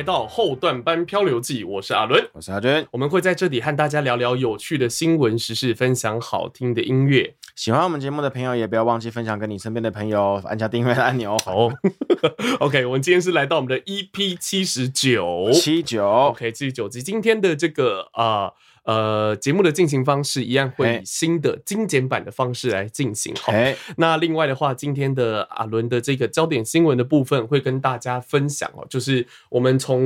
來到後段班漂流記，我是阿倫，我是阿俊，我們會在這裡和大家聊聊有趣的新聞時事，分享好聽的音樂。喜歡我們節目的朋友，也不要忘記分享給你身邊的朋友，按下訂閱的按鈕哦。 o、okay, k 我們今天是來到我們的 EP 七十九七九，OK，七十九集，今天的這個啊。呃呃，節目的進行方式一樣會以新的精簡版的方式來進行。好、hey. 哦，那另外的話，今天的阿倫的這個焦點新聞的部分會跟大家分享哦，就是我們從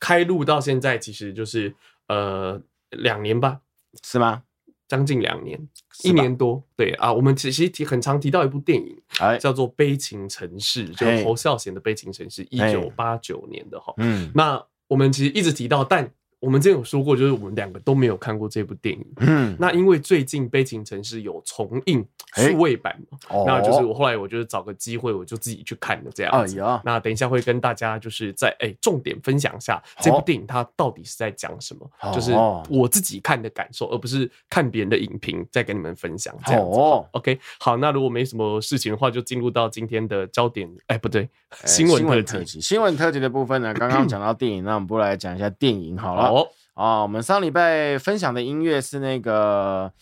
開錄到現在，其實就是呃兩年吧，是嗎？將近兩年，一年多，對啊。我們其實提很常提到一部電影，hey. 叫做《悲情城市》，hey. 就侯孝賢的《悲情城市》，一九八九年的哈、hey. 嗯。嗯，那我們其實一直提到，但。我們之前有說過，就是我們兩個都沒有看過這部電影。嗯，那因為最近《悲情城市》有重映數位版嘛、欸哦，那就是我後來，我就找個機會，我就自己去看的這樣子。哎、哦、呀，那等一下會跟大家就是在哎、欸、重點分享一下這部電影它到底是在講什麼，哦、就是我自己看的感受、哦，而不是看別人的影評再跟你們分享這樣子、哦。OK，好，那如果沒什麼事情的話，就進入到今天的焦點，哎、欸，不對，欸、新聞新聞特輯，新聞特輯的部分呢，剛剛講到電影， 那我們不來講一下電影好了。哦、oh.，啊，我們上禮拜分享的音樂是那個，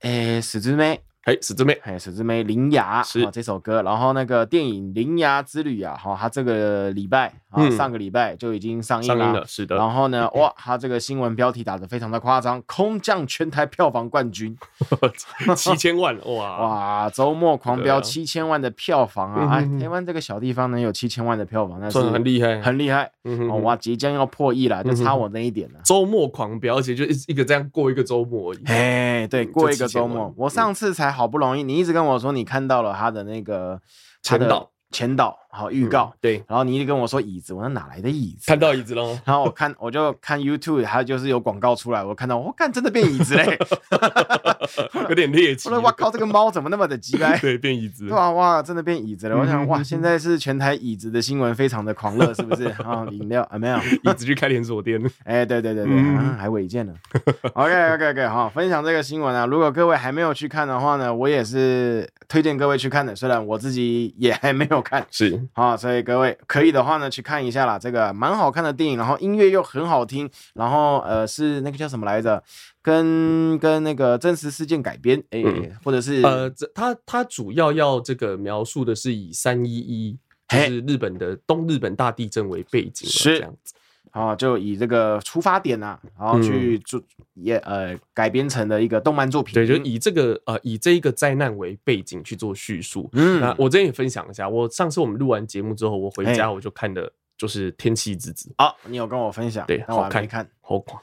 誒、欸，十指妹。哎、hey,，十字妹，哎、hey,，十字妹，《鈴芽。是、哦、這首歌，然後那個電影《鈴芽之旅》啊，好、哦，它這個禮拜、嗯、啊，上個禮拜就已經上映，上映了，是的。然後呢，okay. 哇，它這個新聞標題打得非常的誇張，空降全台票房冠軍， 七千萬，哇哇，周末狂飆七千萬的票房啊，啊哎，台灣這個小地方能有七千萬的票房，那、嗯、是很厲，害算很厲害，很厲害，哇、嗯，哦、即將要破億了、嗯，就差我那一點了。周末狂飆，而且就一一個這樣過一個周末而已。哎、嗯欸，對，過一個周末，我上次才、嗯。嗯好不容易，你一直跟我說你看到了他的那個前導，前導。好預告、嗯，對，然後你一直跟我說椅子，我說哪來的椅子？看到椅子嘍。然後我看，我就看 YouTube，它就是有廣告出來，我看到，我看真的變椅子嘞， 有點獵奇。我說哇靠，這個貓怎麼那麼的雞掰？對，變椅子。哇、啊、哇，真的變椅子了！嗯、我想哇，現在是全台椅子的新聞非常的狂熱，是不是啊？飲、嗯、 料啊沒有，椅子去開連鎖店。哎，對對對對，嗯啊、還違建呢、嗯。OK OK OK，好、哦，分享這個新聞啊。如果各位還沒有去看的話呢，我也是推薦各位去看的，雖然我自己也還沒有看。是。好，所以各位可以的話呢，去看一下啦。這個蠻好看的電影，然後音樂又很好聽，然後呃是那個叫什麼來着？跟、跟那個真實事件改編，哎、嗯欸，或者是呃，這它它主要要這個描述的是以三一一，就是日本的東日本大地震為背景，是這樣子。啊、哦，就以這個出發點啊，然後去做、嗯、也呃改編成的一個動漫作品，對，就以這個呃以這一個災難為背景去做敘述。嗯，那我這裡也分享一下，我上次我們錄完節目之後，我回家我就看的，就是天《天氣之子》哦。啊，你有跟我分享？對，讓我看一看，好看。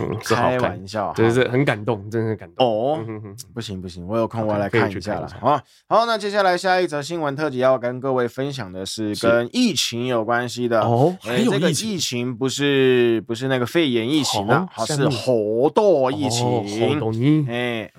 嗯、開玩笑，就是很感動，真的很感動哦、嗯。不行不行，我有空我來看一下了好，好，那接下來下一則新聞特輯要跟各位分享的是跟疫情有關係的哦、欸。這個疫情不是不是那個肺炎疫情的、啊哦，是猴痘疫情、哦欸。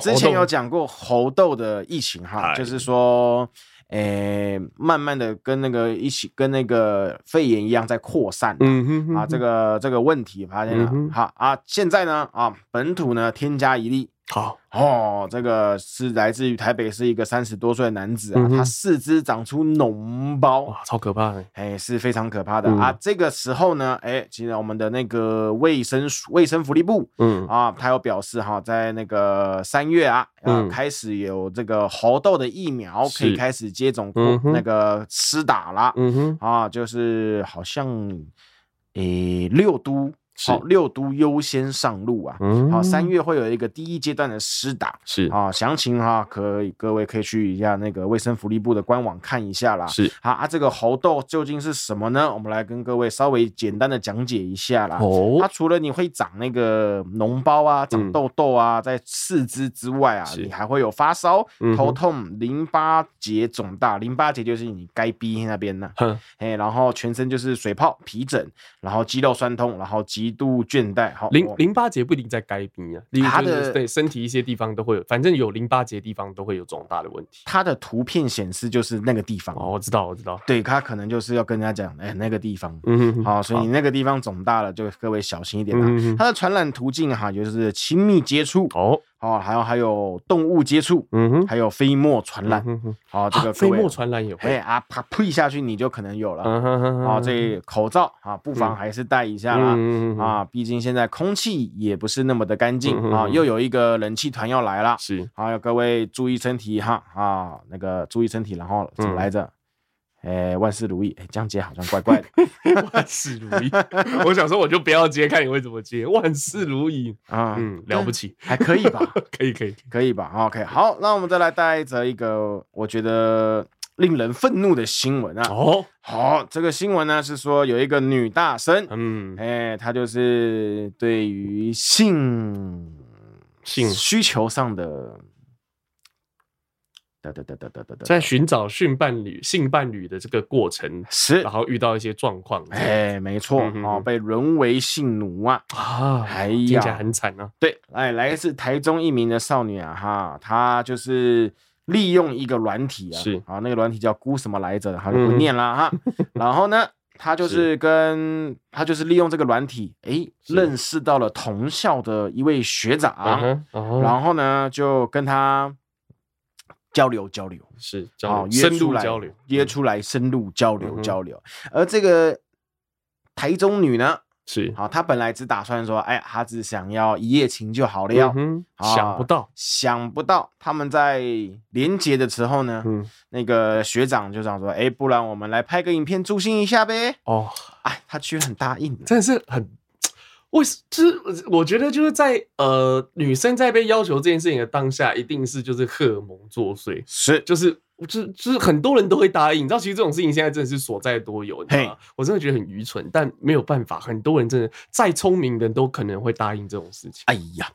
之前有講過猴痘的疫情哈、哎，就是說。哎，慢慢的跟那個一起跟那個肺炎一樣在擴散、嗯哼哼，啊，這個這個問題發現了，嗯、好啊，現在呢啊，本土呢添加一例。好哦，哦，這個是來自於台北市一個三十多歲的男子啊、嗯，他四肢長出膿包，超可怕的，哎、欸，是非常可怕的、嗯、啊。這個時候呢，哎、欸，其實我們的那個衛生衛生福利部，嗯啊，他有表示哈，在那個三月啊、呃嗯，開始有這個猴痘的疫苗可以開始接種，那個施打了，嗯哼，啊，就是好像誒六、欸、都。好，六都優先上路啊！好，三月會有一個第一階段的施打是啊，詳情哈、啊，可以各位可以去一下那個衛生福利部的官網看一下啦。是好啊，這個猴痘究竟是什麼呢？我們來跟各位稍微簡單的講解一下啦。哦，它、啊、除了你會長那個膿包啊、長痘痘,痘啊、嗯，在四肢之外啊，你還會有發燒、嗯、頭痛、淋巴結腫大，淋巴結就是你該邊那邊呢、啊。哼。哎，然後全身就是水泡、皮疹，然後肌肉酸痛，然後肌。一度倦怠，好，淋淋巴結不一定在該邊啊，他的對身體一些地方都會有，反正有淋巴結地方都會有腫大的問題。他的圖片顯示就是那個地方，哦，我知道，我知道，對，他可能就是要跟人家講，哎、欸，那個地方，嗯好、哦，所以那個地方腫大了，就各位小心一點啊。它、嗯、的傳染途徑哈、啊，就是親密接觸哦。哦，還有還有動物接觸，嗯哼，還有飛沫傳染，好、嗯啊，這個飛沫傳染也會，哎啊，啪呸下去你就可能有了，啊哈哈哈哈，這、啊、口罩、嗯、啊，不妨還是戴一下啦，嗯、啊，畢竟現在空氣也不是那麼的乾淨、嗯、啊，又有一個冷氣團要來了，是，好、啊，各位注意身體哈、啊，啊，那個注意身體，然後怎麼來着？嗯哎、欸，萬事如意！哎，這樣接好像怪怪的 。萬事如意， 我想說我就不要接，看你會怎麼接。萬事如意啊，嗯，嗯，了不起，還可以吧？ 可以，可以，可以吧？OK，好，那我們再來帶一則一個我覺得令人憤怒的新聞啊。哦，好，這個新聞呢是說有一個女大生，嗯，哎，她就是對於性性需求上的。在尋找性伴侶、性伴侶的這個過程，是然後遇到一些狀況，哎，沒錯，哦、嗯，被淪為性奴啊，啊、哦，聽起來很慘哦、啊。對，哎，來自台中一名的少女啊，哈，她就是利用一個軟體啊，是啊，那個軟體叫“孤”什麼來着，哈，不念了哈、啊嗯。然後呢，她就是跟 是她就是利用這個軟體，哎，認識到了同校的一位學長、啊嗯哦，然後呢，就跟她交流交流是約出來交流約、哦、出來，深入交流，入交，流、嗯、交流。而這個台中女呢，是好、哦，她本來只打算說，哎，她只想要一夜情就好了呀、嗯哦。想不到，想不到，他們在連接的時候呢、嗯，那個學長就想說，哎、欸，不然我們來拍個影片助興一下唄。哦，哎，她居然很答應，真的是很。我就是，我覺得就是在呃，女生在被要求這件事情的當下，一定是就是荷爾蒙作祟，是，就是，就是，就很多人都會答應。你知道，其實這種事情現在真的是所在多有。Hey, 我真的覺得很愚蠢，但沒有辦法，很多人真的再聰明的人都可能會答應這種事情。哎呀，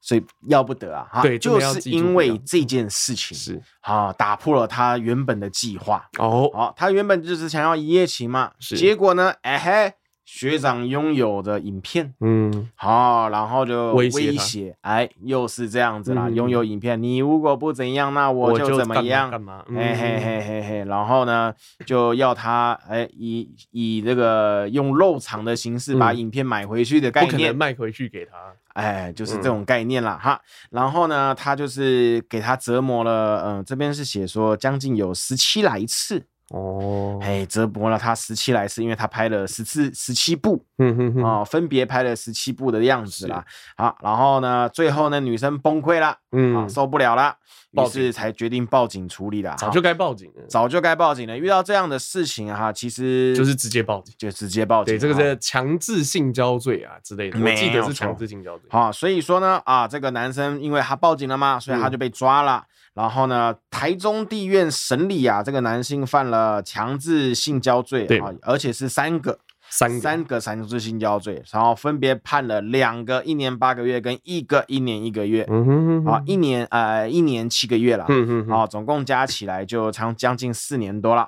所以要不得啊！對，就是因為這件事情啊，是啊，打破了他原本的計劃。哦，好，他原本就是想要一夜情嘛，結果呢？哎嘿。學長擁有的影片，嗯，好，哦，然後就威脅，哎，又是這樣子啦，擁、嗯、有影片，你如果不怎樣，那我就怎麼樣，幹嘛，幹嘛、嗯？嘿嘿嘿嘿，嘿，然後呢，就要他，哎，以以這個用肉償的形式把影片買回去的概念，嗯，不可能賣回去給他，哎，就是這種概念啦，嗯，哈。然後呢，他就是給他折磨了，嗯，這邊是寫說將近有十七來次。哦、oh. hey，這澤博呢？他十七來是因為他拍了十四十七部，嗯哼哼，啊，分別拍了十七部的樣子啦。好，然後呢，最後呢，女生崩潰了，嗯，受不了了，於是才決定報警處理的。早就該報警了，早就該報警了。遇到這樣的事情啊，哈，其實就是直接報警，就直接報警。對，這個是強制性交罪啊之類的，沒，我記得是強制性交罪。好，所以說呢，啊，這個男生因為他報警了嘛，所以他就被抓了。嗯然後呢，台中地院審理啊，這個男性犯了強制性交罪啊，而且是三個。三個三個三次性交罪，然後分別判了兩個一年八個月，跟一個一年一個月，啊、嗯，一年呃一年七個月了，啊、嗯，總共加起來就長將近四年多了，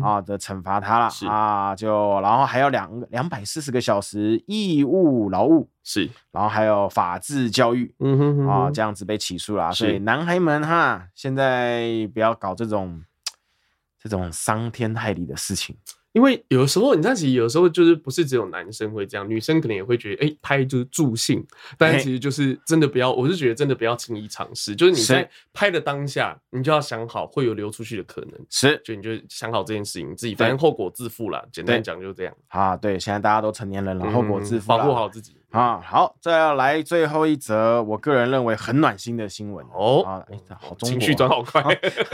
啊就懲罰他了啊，就然後還有兩兩百四十個小時義務勞務，是，然後還有法治教育，啊、嗯，這樣子被起訴了，所以男孩們哈，現在不要搞這種這種傷天害理的事情。因為有時候，你知道，其實有時候就是不是只有男生會這樣，女生可能也會覺得，哎、欸，拍就是助興，但是其實就是真的不要，我是覺得真的不要輕易嘗試，就是你在拍的當下，你就要想好會有流出去的可能，是，就你就想好這件事情，你自己反正後果自負啦。簡單講就這樣。啊，對，現在大家都成年人了，嗯、後果自負，保護好自己。啊，好，再要來最後一則，我個人認為很暖心的新聞哦。啊、誒好中國、啊，情緒轉好快、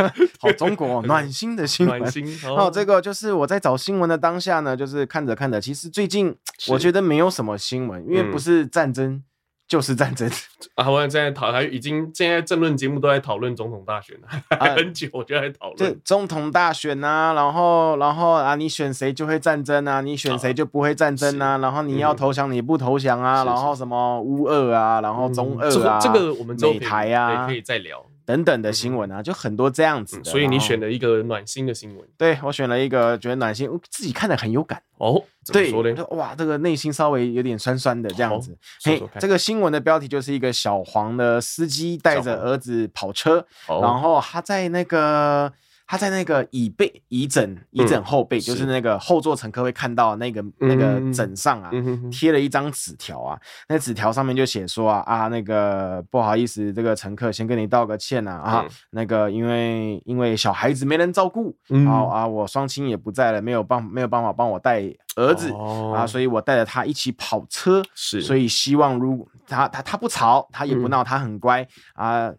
啊，好，中國、哦、暖心的新聞。然、哦啊、這個就是我在找新聞的當下呢，就是看着看着，其實最近我覺得沒有什麼新聞，因為不是戰爭。嗯就是戰爭啊！我現在討論已經現在政論節目都在討論總統大選、啊、還很久，我就在討論。總統大選吶、啊，然後然後啊，你選誰就會戰爭啊，你選誰就不會戰爭啊。哦、然後你要投降，你不投降啊。嗯、然後什麼烏俄啊，然後中俄啊，嗯、這個我們這可以談、啊、可，可以再聊。等等的新聞啊、嗯，就很多這樣子的、嗯。所以你選了一個暖心的新聞？對我選了一個覺得暖心，自己看的很有感哦。怎麼說呢？對，哇，這個內心稍微有點酸酸的這樣子。嘿、哦 hey，這個新聞的標題就是一個小黃的司機帶着兒子跑車，然後他在那個。哦他在那個椅背、椅枕、椅枕後背、嗯，就是那個後座乘客會看到那個那個枕上啊，貼、嗯、了一張紙條啊。嗯、那紙條上面就寫說啊啊，那個不好意思，這個乘客先跟你道個歉吶啊，啊、嗯。那個因為因為小孩子沒人照顧，好、嗯、啊，我雙親也不在了，沒有幫沒有辦法幫我帶兒子、哦、啊，所以我帶着他一起跑車。是，所以希望如果他他他不吵，他也不鬧、嗯，他很乖啊。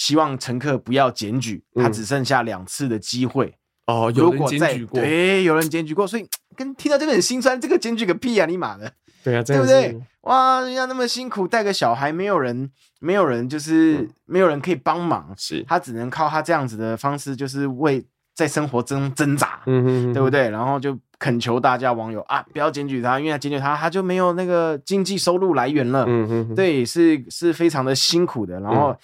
希望乘客不要檢舉，他只剩下兩次的機會、嗯、哦。有人檢舉過，哎，有人檢舉過， 所以跟聽到這個很心酸。這個檢舉個屁啊，你媽的！對啊，這樣，對不對？哇，人家那麼辛苦帶個小孩，沒有人，沒有人，就是、嗯、沒有人可以幫忙，是他只能靠他這樣子的方式，就是為在生活中掙扎，嗯哼嗯哼，對不對？然後就。懇求大家網友啊，不要檢舉他，因為檢舉他，他就沒有那個經濟收入來源了。嗯嗯，對，是是非常的辛苦的。然後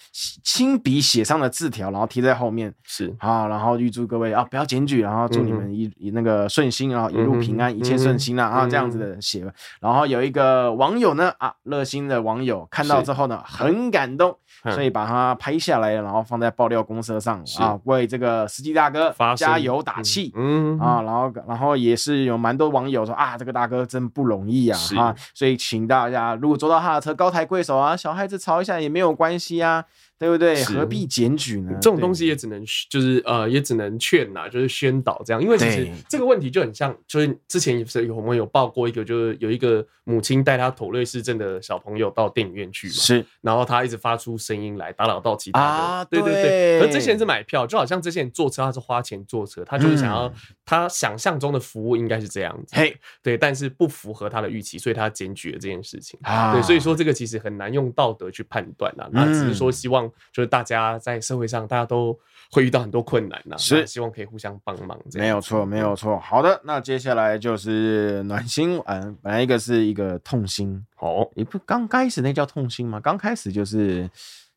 親筆寫上了字條，然後貼在後面，是、嗯、啊，然後預祝各位啊，不要檢舉，然後祝你們一、嗯、那個順心，然後一路平安，嗯、一切順心啊，這樣子的寫、嗯。然後有一個網友呢，啊，熱心的網友看到之後呢，很感動。嗯所以把他拍下來，然後放在爆料公社上啊，為這個司機大哥加油打氣，嗯，嗯啊，然後然後也是有蠻多網友說啊，這個大哥真不容易啊，啊所以請大家如果坐到他的車，高抬貴手啊，小孩子吵一下也沒有關係啊。對不對？何必檢舉呢？這種東西也只能就是呃，也只能勸吶、啊，就是宣導這樣。因為其實這個問題就很像，就是之前也是有我們有報過一個，就是有一個母親帶她妥瑞氏症的小朋友到電影院去嘛，是。然後他一直發出聲音來打擾到其他人、啊。對對對。而這些人是買票，就好像這些人坐車，他是花錢坐車，他就是想要、嗯、他想象中的服務應該是這樣子，對。但是不符合他的預期，所以他檢舉了這件事情、啊。對，所以說這個其實很難用道德去判斷吶、啊嗯，那只是說希望。就是大家在社會上，大家都會遇到很多困難呢、啊。是，希望可以互相幫忙。沒有錯，沒有錯。好的，那接下來就是暖心丸。嗯，本來一個是一個痛心。好、哦，你不剛開始那叫痛心嗎？剛開始就是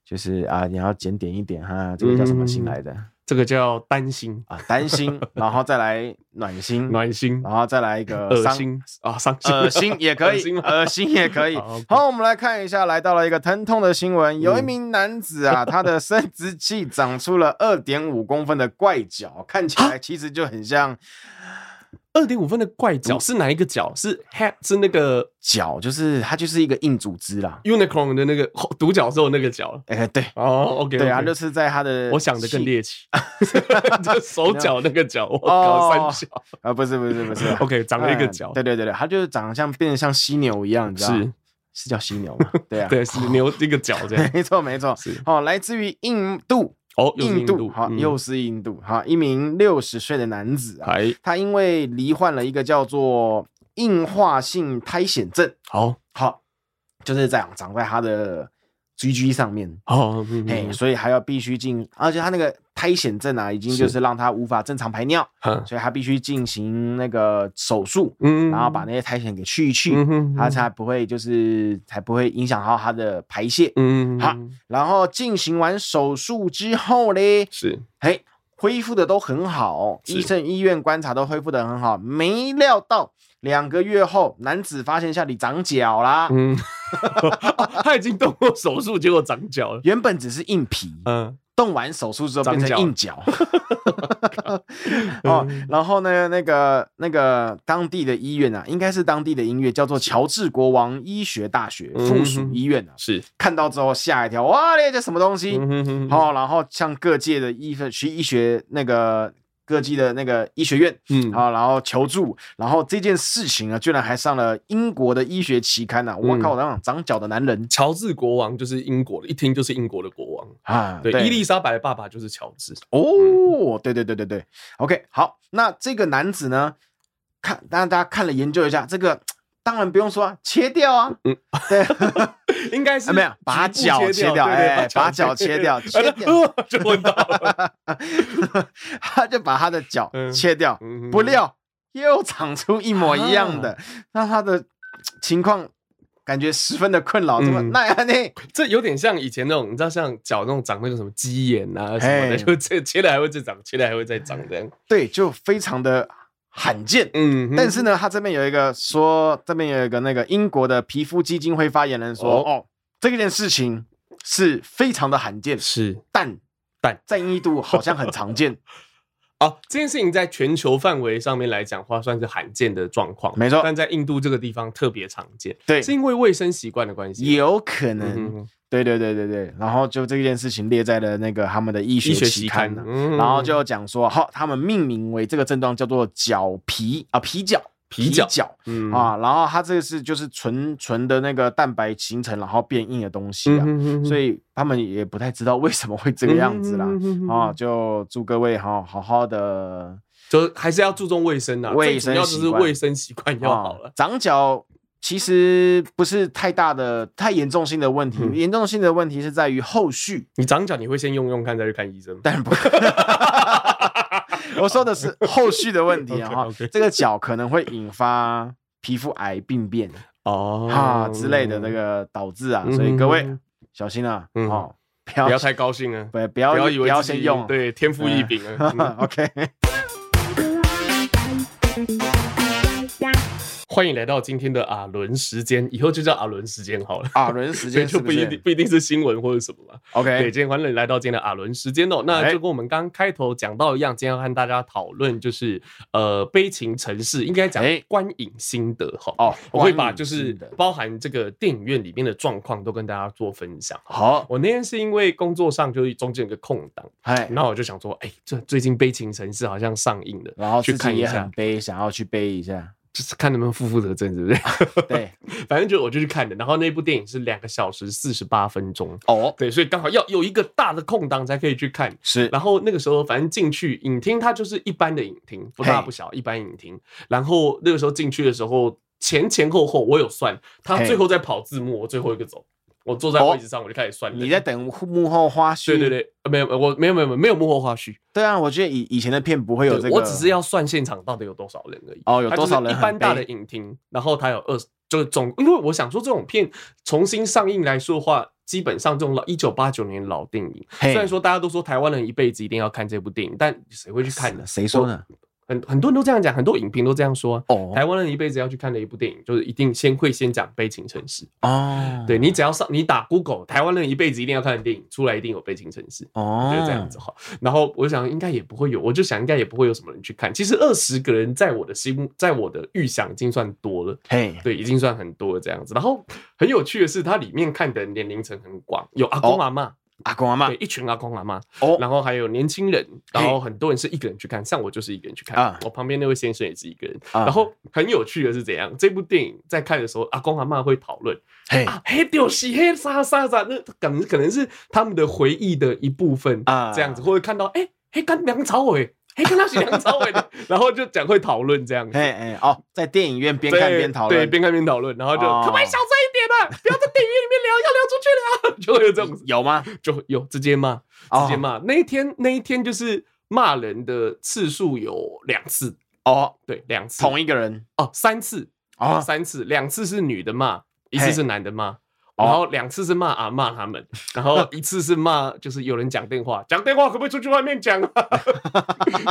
就是啊，你要檢點一點哈。這個叫什麼心來的？嗯這個叫擔心啊，擔心，然後再來暖心。 暖心，然後再來一個傷心啊，傷心，惡心也可以，噁心，心也可以。好，好 okay. 我們來看一下，來到了一個疼痛的新聞，有一名男子啊、嗯，他的生殖器長出了二點五公分的怪角，看起來其實就很像。 二點五分的怪角是哪一個角？是 hat 是那個角，就是它就是一個硬組織啦，unicorn 的那個獨角獸那個角。哎、欸，對哦、oh,，OK，對啊，okay. 就是在它的，我想的更獵奇， 手腳那個角， 我三角啊、哦哦，不是不是不是、啊、 ，OK，長了一個角、嗯，對對對對，它就是長得像變得像犀牛一樣，你知道是是叫犀牛嗎？對啊， 對是牛一個角這樣， 沒錯沒錯，是哦，oh, 來自於印度。印度哈，又是印度哈、嗯，一名六十歲的男子啊、哎，他因為罹患了一個叫做硬化性苔蘚症，哦，好，就是這樣長在他的。G G 上面哦明明，所以還要必須進，而、啊、且他那個苔蘚症啊，已經就是讓他無法正常排尿，所以他必須進行那個手術，嗯，然後把那些苔蘚給去一去、嗯哼哼，他才不會就是才不會影響到他的排泄，嗯哼哼，好，然後進行完手術之後嘞，是，哎，恢復的都很好，醫生醫院觀察都恢復的很好，沒料到兩個月後，男子發現下體長腳啦，嗯。 哦、他已經動過手術，結果長腳了。原本只是硬皮，嗯，動完手術之後變成硬腳、 哦。哦、嗯，然後呢，那個那個當地的醫院啊，應該是當地的音樂叫做喬治國王醫學大學附屬醫院、啊嗯、是看到之後嚇一跳，哇，這什麼東西？嗯、哼哼哼哦，然後向各界的醫，學醫學那個。科技的那個醫學院，嗯啊，然後求助，然後這件事情啊，居然還上了英國的醫學期刊呢、啊！嗯、靠我靠，長長腳的男人，喬治國王就是英國的，一聽就是英國的國王啊！對，對，伊麗莎白的爸爸就是喬治哦、嗯，對對對對對，OK，好，那這個男子呢，看讓大家看了研究一下這個。當然不用說、啊，切掉啊！嗯，對，應該是、哎、沒有把腳切掉，哎，把腳切掉、哎，切，切，切掉就昏倒了。 他就把他的腳切掉、嗯，不料又長出一模一樣的、嗯，那他的情況感覺十分的困擾，怎麼那樣呢？這有點像以前那種，你知道，像腳那種長那什麼雞眼啊什麼的，就這切了還會再長，切了還會再長這樣、嗯。啊嗯、對，就非常的。罕見，嗯，但是呢，他這邊有一個說，這邊有一個那個英國的皮膚基金會發言人說，哦，哦，這件事情是非常的罕見，是，但但在印度好像很常見， 哦，這件事情在全球範圍上面來講的話算是罕見的狀況，沒錯，但在印度這個地方特別常見，對，是因為衛生習慣的關係，有可能。嗯對，對對對對對，然後就這件事情列在了那個他們的醫學期刊啊、醫學期刊嗯、然後就講說，好，他們命名為這個症狀叫做腳皮啊皮腳皮腳啊皮腳、嗯，然後它這個是就是純純的那個蛋白形成然後變硬的東西啊、嗯嗯嗯，所以他們也不太知道為什麼會這個樣子啦、嗯嗯嗯嗯嗯、啊，就祝各位哈好好的，就是還是要注重衛生啦、啊，衛生習慣要是衛生習慣要好了，啊、長腳。其實不是太大的、太嚴重性的問題，嚴、嗯、重性的問題是在於後續。你長腳你會先用用看，再去看醫生。但不， 我說的是後續的問題，啊。 okay, okay. 這個腳可能會引發皮膚癌病變哦、oh, 啊之類的那個導致啊，嗯、所以各位、嗯、小心啊、嗯哦不，不要太高興啊，不要不要以為要先用，對天賦異稟啊，OK。歡迎來到今天的阿倫時間，以後就叫阿倫時間好了。阿倫時間 就不一定不一定是新聞或者什麼了。OK，對，今天歡迎來到今天的阿倫時間哦、喔。那就跟我們剛剛開頭講到一樣，okay. 今天要跟大家討論就是呃悲情城市，應該講觀影心得哈、欸。哦，我會把就是包含這個電影院裡面的狀況都跟大家做分享。哦、好，我那天是因為工作上就是中間有個空檔，然後我就想說，哎、欸，這最近悲情城市好像上映了，然後去看一下悲，想要去悲一下。就是看他們負不負責，真是不是，對， 反正就我就去看的。然後那部電影是兩個小時四十八分鐘哦，對，所以剛好要有一個大的空檔才可以去看。是，然後那個時候反正進去影廳，它就是一般的影廳，不大不小、hey.，一般影廳。然後那個時候進去的時候，前前後後我有算，他最後在跑字幕，我最後一個走、hey.。我坐在位置上，我就開始算。你在等幕後花絮？對對對，沒有，我沒有沒有沒有幕後花絮。對啊，我覺得以以前的片不會有這個。我只是要算現場到底有多少人而已。哦，有多少人？一般大的影廳，然後它有二十，就是、總因為我想說這種片重新上映來說的話，基本上這種老一九八九年老電影，雖然說大家都說台灣人一輩子一定要看這部電影，但誰會去看呢？誰說呢？很很多人都這樣講，很多影評都這樣說、啊。哦、oh.，台灣人一輩子要去看的一部電影，就是一定先會先講《悲情城市》哦、oh.。對，你只要上你打 Google，台灣人一輩子一定要看的電影，出來一定有《悲情城市》哦、oh.，這樣子哈。然後我就想應該也不會有，我就想應該也不會有什麼人去看。其實二十個人在我的心目，在我的預想已經算多了，嘿、hey.，對，已經算很多了這樣子。然後很有趣的是，它裡面看的年齡層很廣，有阿公、oh. 阿嬤。阿公阿媽，對，一群阿公阿媽，哦、oh.，然後還有年輕人，然後很多人是一個人去看，hey. 像我就是一個人去看，uh. 我旁邊那位先生也是一個人，uh. 然後很有趣的是怎樣，這部電影在看的時候，阿公阿媽會討論，嘿，嘿屌西，嘿啥啥啥，那可、就、能、是、可能是他們的回憶的一部分啊，uh. 這樣子，會看到，哎、欸，嘿跟梁朝偉，嘿跟他是梁朝偉、 hey, hey, oh,，然後就講會討論這樣，嘿、oh.，哎哦，在電影院邊看邊討論，對，邊看邊討論，然後就小聲。不要在電影院裡面聊， 要聊出去聊，啊，就會有這種，有嗎？就有直接罵，直接罵。接 oh. 那一天，那一天就是罵人的次數有兩次哦，oh. 對，兩次同一個人哦，三次哦，三次，兩、oh. 次，次是女的罵，一次是男的罵，hey. 然後兩次是罵啊罵他們，oh. 然後一次是罵就是有人講電話，講 電話可不可以出去外面講，啊，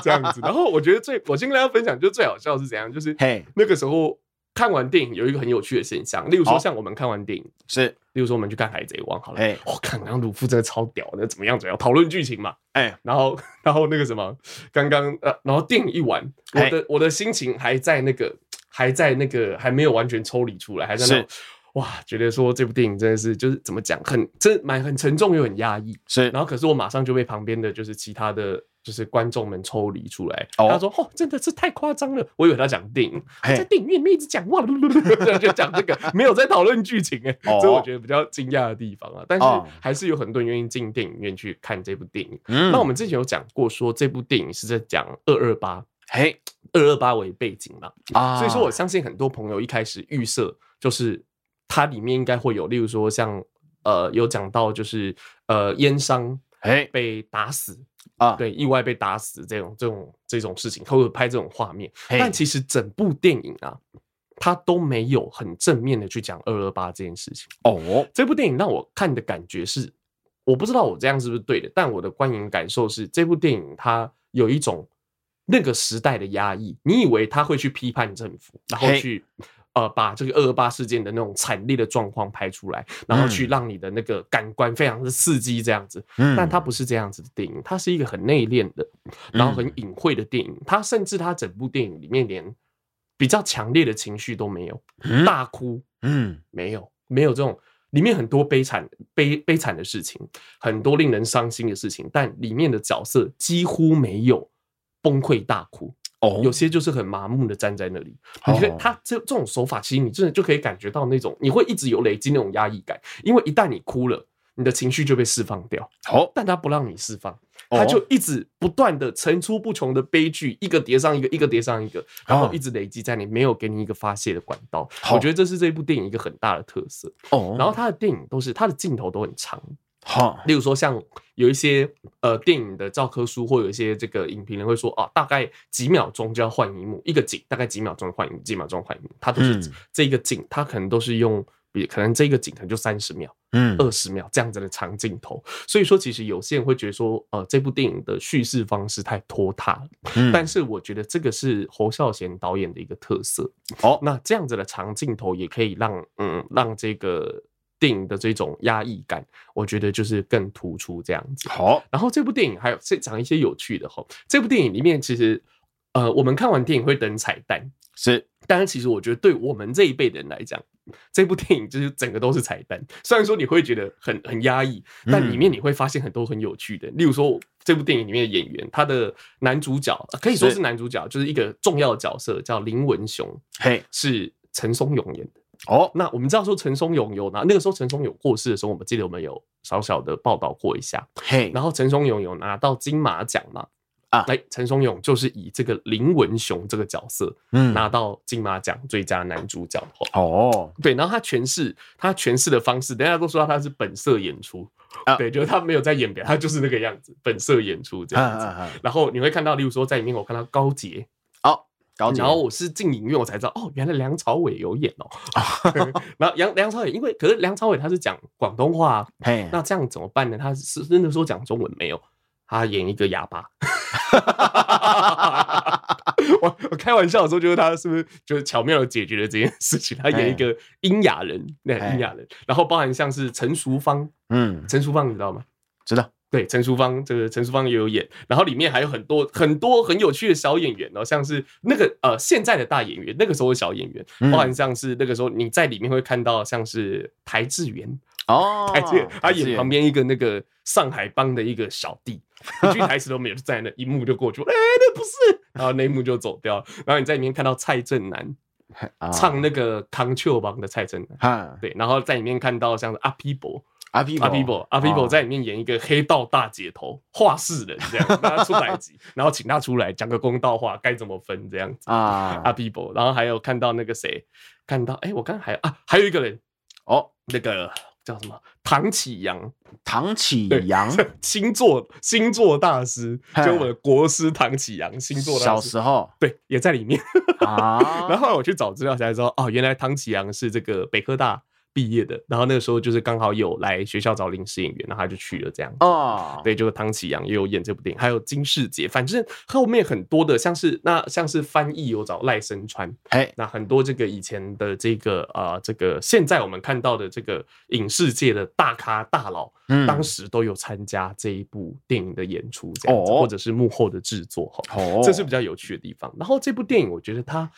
這樣子。然後我覺得最，我先跟大家分享，就最好笑是怎樣，就是嘿那個時候。Hey. 看完電影有一個很有趣的現象，例如說像我們看完電影、哦、是，例如說我們去看《海賊王》好了，我、哦、看剛剛魯夫真的超屌，那怎麼樣？怎樣，怎樣，討論劇情嘛，哎，然後然後那個什麼，剛剛呃，然後電影一完，我的我的心情還在那個還在那個還沒有完全抽離出來，還在那哇，覺得說這部電影真的是就是怎麼講，很真蠻很沉重又很壓抑，是，然後可是我馬上就被旁邊的就是其他的。就是觀眾們抽離出來，他說：“ oh. 哦，真的是太誇張了！我以為他講電影，hey. 在電影院裡面一直講，哇， 就講這個，沒有在討論劇情啊，oh. 這我覺得比較驚訝的地方啊。但是還是有很多人願意進電影院去看這部電影。Oh. 那我們之前有講過，說這部電影是在講二二八，哎，二二八為背景嘛。Hey. 所以說，我相信很多朋友一開始預設就是它裡面應該會有，例如說像呃，有講到就是呃，煙商，哎被打死。Hey. ”啊、uh,，對，意外被打死這種、這種、這種事情，他會拍這種畫面。Hey. 但其實整部電影啊，他都沒有很正面的去講二二八這件事情。哦、oh.，這部電影讓我看的感覺是，我不知道我這樣是不是對的，但我的觀影感受是，這部電影它有一種那個時代的壓抑。你以為他會去批判政府，然後去、hey.。呃，把這個二二八事件的那種慘烈的狀況拍出來，然後去讓你的那個感官非常的刺激這樣子。嗯，但它不是這樣子的電影，它是一個很內斂的，然後很隱晦的電影。它甚至它整部電影裡面連比較強烈的情緒都沒有，大哭，嗯，嗯，沒有，沒有這種。裡面很多悲慘悲悲慘的事情，很多令人傷心的事情，但裡面的角色幾乎沒有崩潰大哭。哦、oh.，有些就是很麻木的站在那裡，你覺得他這這種手法，其實你真的就可以感覺到那種，你會一直有累積那種壓抑感，因為一旦你哭了，你的情緒就被釋放掉。好，但他不讓你釋放，他就一直不斷的層出不窮的悲劇，一個疊上一個，一個疊上一個，然後一直累積在你，沒有給你一個發泄的管道。我覺得這是這部電影一個很大的特色。哦，然後他的電影都是他的鏡頭都很長。好、huh.，例如說像有一些呃電影的教科書，或有一些這個影評人會說啊，大概幾秒鐘就要換一幕，一個景，大概幾秒鐘換一幕，幾秒鐘換一幕，它都是、嗯、這個景，它可能都是用，可能這個景可能就三十秒，嗯，二十秒這樣子的長鏡頭。所以說，其實有些人會覺得說，呃，這部電影的敘事方式太拖沓了、嗯、但是我覺得這個是侯孝賢導演的一個特色。好、oh. 那這樣子的長鏡頭也可以讓嗯讓這個。電影的這種壓抑感，我覺得就是更突出這樣子。好、oh.，然後這部電影還有再講一些有趣的吼。這部電影裡面其實，呃，我們看完電影會等彩蛋，是。但是其實我覺得，對我們這一輩的人來講，這部電影就是整個都是彩蛋。雖然說你會覺得很很壓抑，但裡面你會發現很多很有趣的、嗯。例如說，這部電影裡面的演員，他的男主角可以說是男主角，是就是一個重要角色，叫林文雄，嘿、hey.，是陳松勇演的。哦、oh.，那我們知道說陳松勇有拿，那個時候陳松勇過世的時候，我們記得我們有小小的報道過一下。嘿，然後陳松勇有拿到金馬獎嘛？啊，來，陳松勇就是以這個林文雄這個角色，嗯，拿到金馬獎最佳男主角。哦，對，然後他詮釋他詮釋的方式，大家都說他是本色演出。啊，對，就是他沒有在演表，他就是那個樣子，本色演出這樣子。然後你會看到，例如說在裡面我看到高捷。哦。然後我是進影院，我才知道哦，原來梁朝偉有演哦。 然後梁梁朝偉，因為可是梁朝偉他是講廣東話啊，那這樣怎麼辦呢？他是真的說講中文沒有，他演一個啞巴。 我我開玩笑的時候覺得他是不是就是巧妙的解決了這件事情？他演一個瘖啞人，那瘖啞人，然後包含像是陳淑芳，嗯，陳淑芳你知道嗎？知道。對，陳淑芳這個陳淑芳也有演，然後裡面還有很多很多很有趣的小演員哦，像是那個呃現在的大演員，那個時候的小演員，嗯，包含像是那個時候你在裡面會看到像是台志遠哦，台志遠他演旁邊一個那個上海幫的一個小弟，一句台詞都沒有，站在那一幕就過去，哎、 欸，那不是，然後那一幕就走掉，然後你在裡面看到蔡振南 唱那個康秀幫的蔡振南， 對，然後在裡面看到像是阿皮伯。阿匹婆，阿匹婆在裡面演一個黑道大姐頭，畫、哦、事人這樣，他出來， 然後請他出來講個公道話，該怎麼分這樣子啊？阿匹婆，然後還有看到那個誰，看到哎、欸，我剛還啊，還有一個人哦，那個叫什麼唐綺陽，唐綺陽星座星座大師，就我的國師唐綺陽星座大師，小時候對也在裡面啊。 然後我去找資料才知道，哦，原來唐綺陽是這個北科大畢業的，然後那個時候就是剛好有來學校找臨時演員，然後他就去了這樣啊。Oh. 對，就是唐啟揚也有演這部電影，還有金士傑，反正後面很多的，像是那像是翻譯有找賴聲川，哎、hey.，那很多這個以前的這個啊、呃，這個現在我們看到的這個影視界的大咖大佬，嗯、當時都有參加這一部電影的演出這樣子，oh. 或者是幕後的製作，這是比較有趣的地方。然後這部電影，我覺得它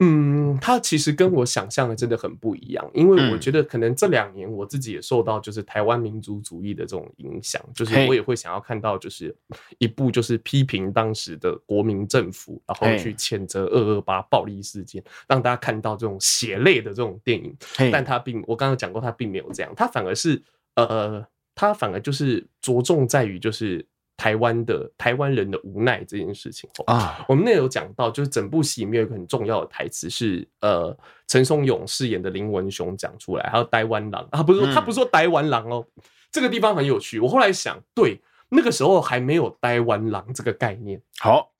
嗯，它其實跟我想象的真的很不一樣，因為我覺得可能這兩年我自己也受到就是台灣民族主義的這種影響，嗯，就是我也會想要看到就是一部就是批評當時的國民政府，然後去譴責二二八暴力事件，讓大家看到這種血淚的這種電影。但它並我剛剛講過，它並沒有這樣，它反而是呃，它反而就是着重在於就是。台灣的台灣人的無奈這件事情啊，我們那有講到，就是整部戲裡面有一個很重要的台詞是，呃，陳松勇飾演的林文雄講出來，還有台灣郎啊，不是他不是說台灣郎哦，嗯，這個地方很有趣。我後來想，對，那個時候還沒有台灣郎這個概念，好，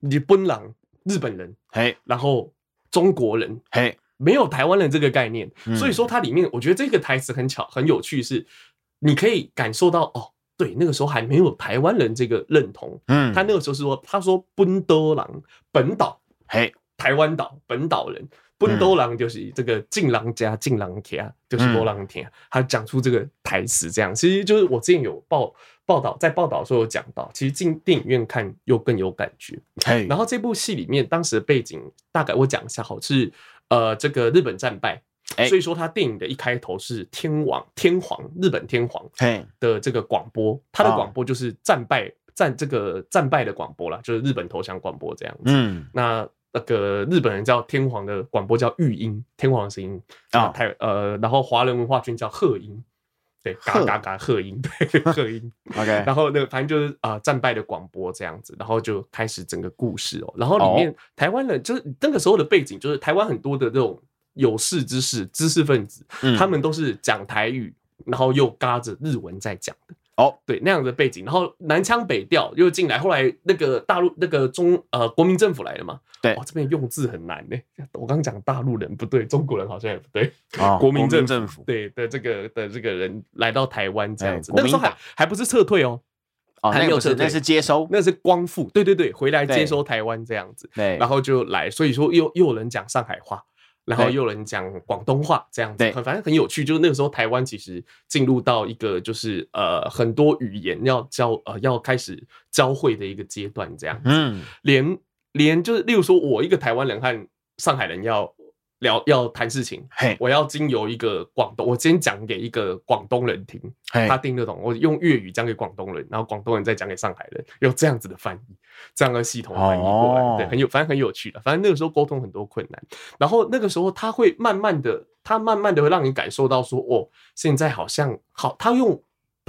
日本郎日本人，嘿，然後中國人，嘿，沒有台灣人這個概念，嗯，所以說它裡面，我覺得這個台詞很巧，很有趣是，是你可以感受到哦。對，那個時候還沒有台灣人這個認同。嗯，他那個時候是說，他說本島人本島，嘿，台灣島本島人，本島人就是這個近郎家近郎家，就是多郎田，他講出這個台詞這樣。其實就是我之前有報報道，在報道的時候有講到，其實進電影院看又更有感覺。嘿，然後這部戲裡面當時的背景，大概我講一下好，好是呃，這個日本戰敗。所以說，他電影的一開頭是天王天皇日本天皇的這個廣播，他的廣播就是戰敗戰這個戰敗的廣播啦，就是日本投降廣播這樣子。嗯，那那個日本人叫天皇的廣播叫玉音天皇的聲音啊，台，呃，然後華人文化圈叫賀音，對，嘎嘎嘎賀音，對賀音。OK，然後那個反正就是啊、呃、戰敗的廣播這樣子，然後就開始整個故事哦、喔。然後裡面台灣人就是那個時候的背景，就是台灣很多的這種。有識之士、知識分子，嗯、他們都是講台語，然後又嘎着日文在講的。哦，對，那樣的背景，然後南腔北調又進來。後來那個大陸那個中呃國民政府來了嘛？對，哦、這邊用字很難嘞。我剛剛講大陸人不對，中國人好像也不對。啊、哦，國民政府，民政府對的這個的這個人來到台灣這樣子，那個、時候還還不是撤退、喔、哦，還沒有撤退、那個，那是接收，那個、是光復。對，對對對，回來接收台灣這樣子。然後就來，所以說又又有人講上海話。然後又有人講廣東話這樣子，很反正很有趣。就是那個時候，台灣其實進入到一個就是呃很多語言要交，呃要開始交匯的一個階段這樣。嗯，連連就是例如說，我一個台灣人和上海人要。聊要談事情，嘿、hey.，我要經由一個廣東，我先講給一個廣東人聽，嘿、hey.，他聽得懂，我用粵語講給廣東人，然後廣東人再講給上海人，用這樣子的翻譯，這樣的系統的翻譯過來，oh. 對，很有，反正很有趣的，反正那個時候溝通很多困難，然後那個時候他會慢慢的，他慢慢的會讓你感受到說，哦，現在好像好，他用。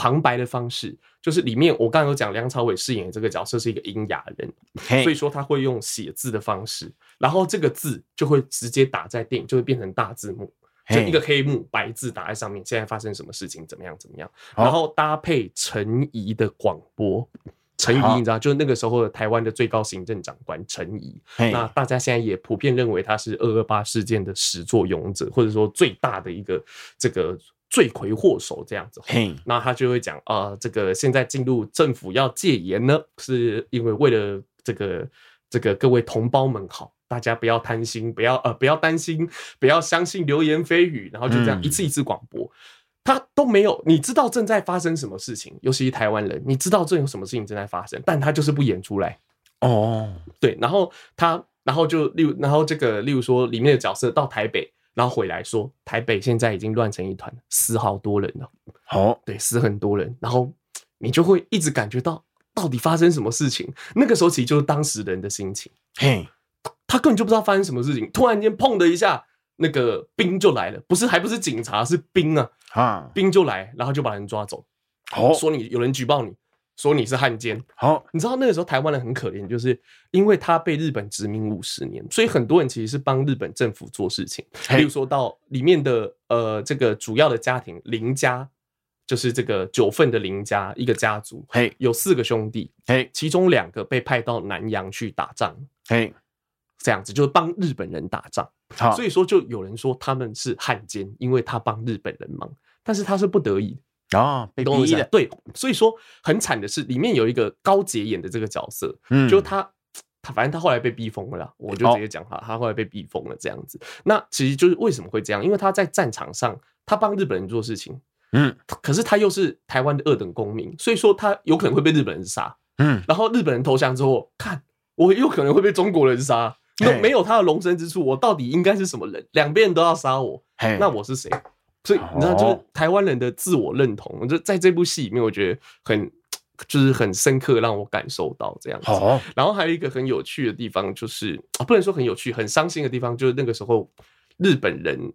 旁白的方式就是裡面，我剛剛有講，梁朝偉飾演的這個角色是一個瘖啞人，hey. 所以說他會用寫字的方式，然後這個字就會直接打在電影，就會變成大字幕，hey. 就一個黑幕白字打在上面。現在發生什麼事情，怎麼樣怎麼樣，oh. 然後搭配陳儀的廣播。陳儀你知道，oh. 就是那個時候的台灣的最高行政長官陳儀。Hey. 那大家現在也普遍認為他是二二八事件的始作俑者，或者說最大的一個這個。罪魁禍首這樣子，嘿，那他就會講啊、呃，這個現在進入政府要戒嚴呢，是因為為了這個這個各位同胞們好，大家不要貪心，不要呃不要擔心，不要相信流言蜚語，然後就這樣一次一次廣播，嗯、他都沒有你知道正在發生什麼事情，尤其是台灣人，你知道這有什麼事情正在發生，但他就是不演出來哦，對，然後他然後就例如然後這個例如說裡面的角色到台北，然後回來說，台北現在已經亂成一團，死好多人了。好、oh. 嗯，對，死很多人。然後你就會一直感覺到到底發生什麼事情。那個時候其實就是當時人的心情。嘿，他根本就不知道發生什麼事情，突然間砰的一下，那個兵就來了，不是，還不是警察，是兵啊啊，huh. 兵就來，然後就把人抓走。好、嗯，oh. 說你有人舉報你。說你是漢奸，好，你知道那個時候台灣人很可憐，就是因為他被日本殖民五十年，所以很多人其實是幫日本政府做事情。例如說到裡面的呃這個主要的家庭林家，就是這個九份的林家一個家族，嘿，有四個兄弟，嘿，其中兩個被派到南洋去打仗，嘿，這樣子就是幫日本人打仗，好，所以說就有人說他們是漢奸，因為他幫日本人忙，但是他是不得已。啊、oh，被逼了對，所以說很慘的是，裡面有一個高捷演的這個角色，嗯，就他，他反正他後來被逼瘋了，我就直接講他，他後來被逼瘋了這樣子。那其實就是為什麼會這樣？因為他在戰場上，他幫日本人做事情，嗯，可是他又是台灣的二等公民，所以說他有可能會被日本人殺，嗯，然後日本人投降之後，看我有可能會被中國人殺，那沒有他的容身之處，我到底應該是什麼人？兩邊人都要殺我，嗯，那我是誰？所以你知道，就是台灣人的自我認同，就在這部戲裡面，我覺得很，就是很深刻，讓我感受到這樣子。然後還有一個很有趣的地方，就是不能說很有趣，很傷心的地方，就是那個時候日本人。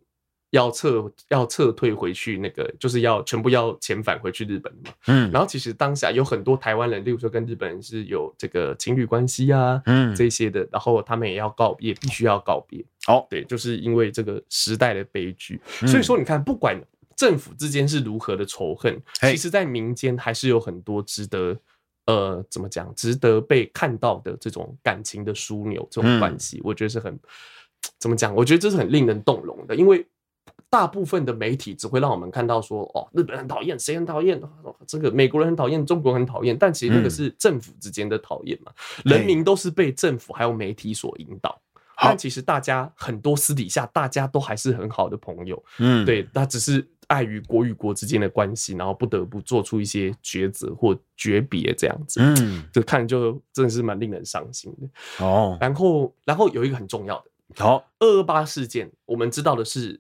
要撤要撤退回去，那個就是要全部要遣返回去日本嘛。嗯，然後其實當下有很多台灣人，例如說跟日本人是有這個情侶關係啊，嗯，這些的，然後他們也要告別，也必須要告別。哦，對，就是因為這個時代的悲劇。嗯，所以說你看，不管政府之間是如何的仇恨，其實在民間還是有很多值得呃，怎麼講，值得被看到的這種感情的樞紐，這種關係，嗯，我覺得是很，怎麼講，我覺得這是很令人動容的，因為。大部分的媒體只會讓我們看到說，哦，日本人很討厭，誰很討厭？哦、這個美國人很討厭，中國人很討厭。但其實那個是政府之間的討厭嘛，嗯、人民都是被政府還有媒體所引導。嗯、但其實大家很多私底下，大家都還是很好的朋友。嗯，對，那只是礙於國與國之間的關係，然後不得不做出一些抉擇或訣別這樣子。嗯，這看就真的是蠻令人傷心的哦。然後，然後有一個很重要的，好，二二八事件，我們知道的是。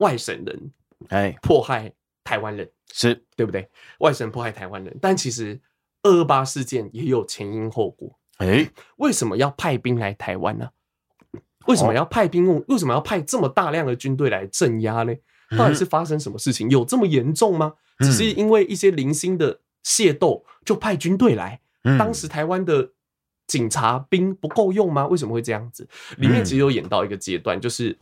外省人，哎，迫害台灣人、欸、是對不對？外省迫害台灣人，但其實二二八事件也有前因後果。哎、欸，為什麼要派兵來台灣呢、啊？為什麼要派兵？為什麼要派這麼大量的軍隊來鎮壓呢？到底是發生什麼事情？嗯、有這麼嚴重嗎？只是因為一些零星的械鬥就派軍隊來、嗯？當時台灣的警察兵不夠用嗎？為什麼會這樣子？裡面只有演到一個階段，就是。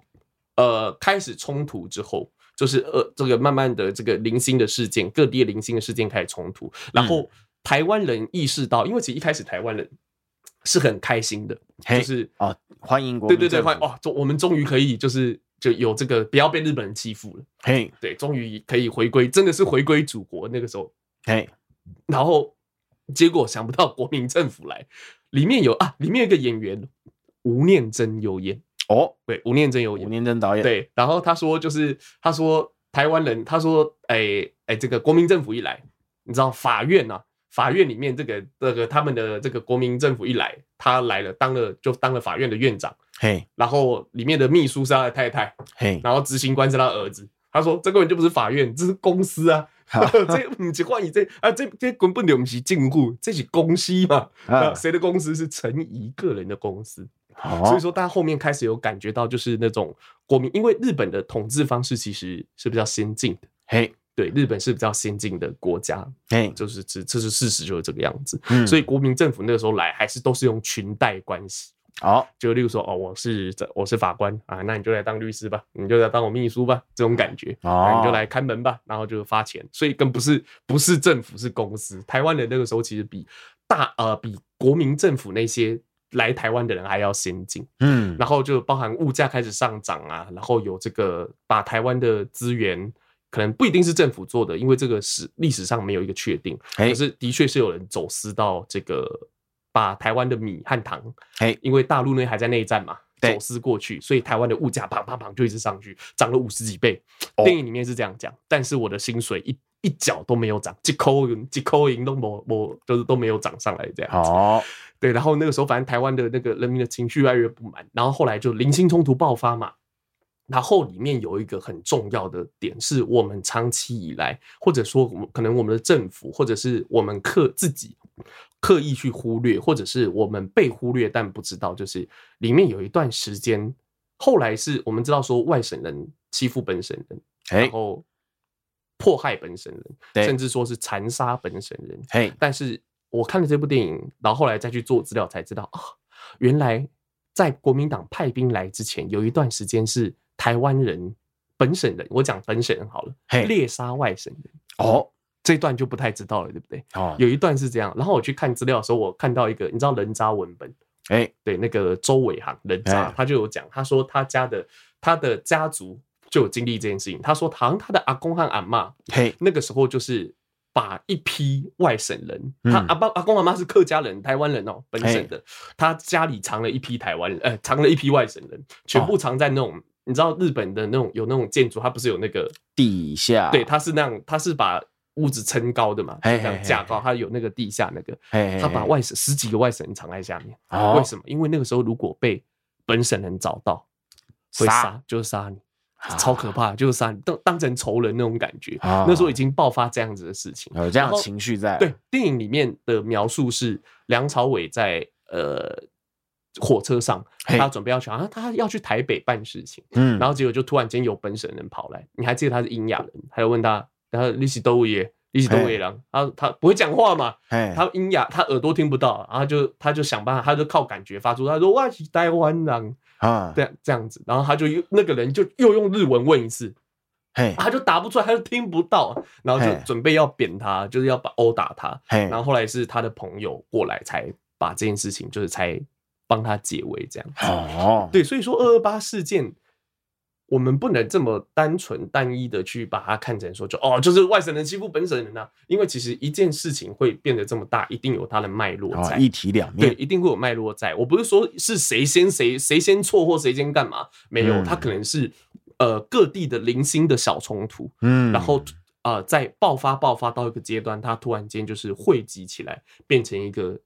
呃，開始衝突之後，就是呃，這個慢慢的這個零星的事件，各地零星的事件開始衝突，然後台灣人意識到、嗯，因為其實一開始台灣人是很開心的，嘿就是啊、哦、歡迎國對對對，歡迎哦，終我們終於可以就是就有這個不要被日本人欺負了，嘿，對，終於可以回歸，真的是回歸祖國。那個時候，嘿，然後結果想不到國民政府來，裡面有啊，裡面有一個演員吳念真有演。哦、oh，對，吳念真有演，吳念真導演，對，然後他說，就是他說台灣人，他說，哎、欸、哎、欸，這個國民政府一來，你知道法院啊，法院裡面這個這個他們的這個國民政府一來，他來了當了就當了法院的院長，嘿、hey，然後裡面的秘書是他的太太，嘿、hey，然後執行官是他的兒子，他說，這根、個、本就不是法院，這是公司啊， 這你換以這啊這這滾滾流去進戶，這是公司嘛，啊，誰的公司是陳儀個人的公司？所以說，大家後面開始有感覺到，就是那種國民，因為日本的統治方式其實是比較先進的。嘿，對，日本是比較先進的國家。嘿，就是這這是事實，就是這個樣子。嗯，所以國民政府那個時候來，還是都是用裙帶關係。哦，就例如說，哦，我是這我是法官啊，那你就來當律師吧，你就來當我秘書吧，這種感覺。哦，你就來看門吧，然後就發錢。所以，跟不是不是政府是公司。台灣的那個時候其實比大呃比國民政府那些，來台灣的人還要先進，嗯，然後就包含物價開始上漲啊，然後有這個把台灣的資源，可能不一定是政府做的，因為這個是歷史上沒有一個確定，可是的確是有人走私到這個，把台灣的米和糖，嘿，因為大陸呢還在內戰嘛，走私過去，所以台灣的物價砰砰砰砰就一直上去，漲了五十幾倍。哦，電影裡面是這樣講，但是我的薪水一一角都沒有漲，幾扣銀幾扣銀都沒有沒有就是都沒有漲上來這樣。好、oh.，對，然後那個時候，反正台灣的那個人民的情緒越來越不滿，然後後來就零星衝突爆發嘛。然後裡面有一個很重要的點，是我們長期以來，或者說我們可能我們的政府或者是我們刻自己刻意去忽略，或者是我們被忽略但不知道，就是裡面有一段時間，後來是我們知道說外省人欺負本省人，hey. 然後。迫害本省人，甚至說是殘殺本省人。嘿、hey.，但是我看了這部電影，然後後來再去做資料才知道啊、哦，原來在國民黨派兵來之前，有一段時間是台灣人、本省人，我講本省人好了，獵、hey. 殺外省人。哦、oh. 嗯，這一段就不太知道了，對不對？哦、oh.，有一段是這樣。然後我去看資料的時候，我看到一個你知道人渣文本，哎、hey.，對，那個周偉航人渣，hey. 他就有講，他說他家的他的家族。就有經歷這件事情，他說：“好像他的阿公和阿嬤，嘿、hey.，那個時候就是把一批外省人，嗯、他阿爸、阿公、阿嬤是客家人，台灣人哦、喔，本省的，hey. 他家裡藏了一批台灣人、呃，藏了一批外省人，全部藏在那種，oh. 你知道日本的那種有那種建築，他不是有那個地下？對，他是那樣，他是把屋子撐高的嘛，就這樣架高，他、hey. 有那個地下那個，他、hey. 把外省十幾個外省人藏在下面。Oh. 為什麼？因為那個時候如果被本省人找到，會殺，就是殺你。”超可怕，就是當、啊、當成仇人那種感覺、哦。那時候已經爆發這樣子的事情，有這樣情緒在。對，電影裡面的描述是梁朝偉在呃火車上，他準備要去啊，他要去台北辦事情，嗯、然後結果就突然間有本省人跑來，你還記得他是瘖啞人，還有問他，然後律師都無 一起東北狼，他他不會講話嘛？他瘖啞，他耳朵聽不到，然後他就他就想辦法，他就靠感覺發出他就，他說我是台灣人啊，這樣這樣子，然後他就又那個人就又用日文問一次，他就答不出來，他就聽不到，然後就準備要扁他，就是要把毆打他，然後後來是他的朋友過來才把這件事情就是才幫他解圍這樣。哦，對，所以說二二八事件。我們不能這麼單純、單一的去把它看成說，就哦，就是外省人欺負本省人吶、啊。因為其實一件事情會變得這麼大，一定有它的脈絡在，啊、一體兩面，對，一定會有脈絡在。我不是說是誰先誰誰先錯或誰先幹嘛，沒有，它可能是呃各地的零星的小衝突，然後啊、呃、在爆發爆發到一個階段，它突然間就是匯集起來，變成一個。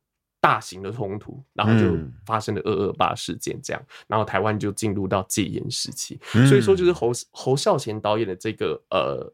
大型的衝突，然後就發生了二二八事件，這樣，嗯，然後台灣就進入到戒嚴時期。所以說，就是侯侯孝賢導演的這個呃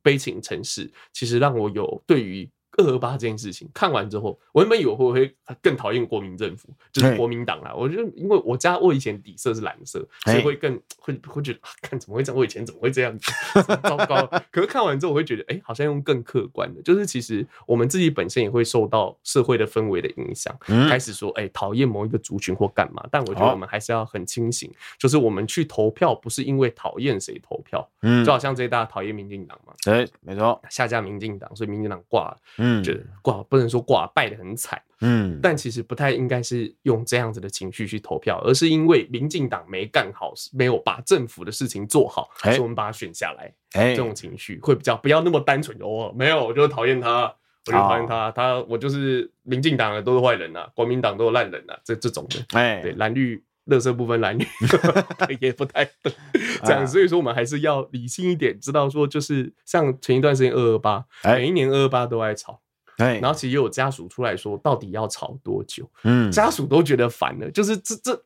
悲情城市，其實讓我有對於。二,二八這件事情看完之後，我原本以為會、不會更討厭國民政府，就是國民黨啦、啊。我覺得因為我家我以前底色是藍色，所以會更會會覺得，看、啊、怎麼會這樣？我以前怎麼會這樣子？糟糕！ 可是看完之後，我會覺得，哎、欸，好像用更客觀的，就是其實我們自己本身也會受到社會的氛圍的影響、嗯，開始說，哎、欸，討厭某一個族群或幹嘛。但我覺得我們還是要很清醒，哦、就是我們去投票不是因為討厭誰投票，嗯，就好像這一大家討厭民進黨嘛，哎、欸，沒錯，下架民進黨，所以民進黨掛了。嗯嗯，掛不能說掛敗得很慘，嗯，但其實不太應該是用這樣子的情緒去投票，而是因為民進黨沒幹好，沒有把政府的事情做好，所、欸、以我們把他選下來。哎、欸，這種情緒會比較不要那麼單純，偶、哦、爾沒有我就是討厭他，我就討厭他，哦、他我就是民進黨的都是壞人啊，國民黨都是爛人啊，這這種的，哎、欸，對藍綠。垃圾不分男女，也不太懂， 啊、這樣所以說我們還是要理性一點，知道說就是像前一段時間二二八，每一年二二八都愛吵，哎，然後其實也有家屬出來說，到底要吵多久？嗯，家屬都覺得煩了，就是這這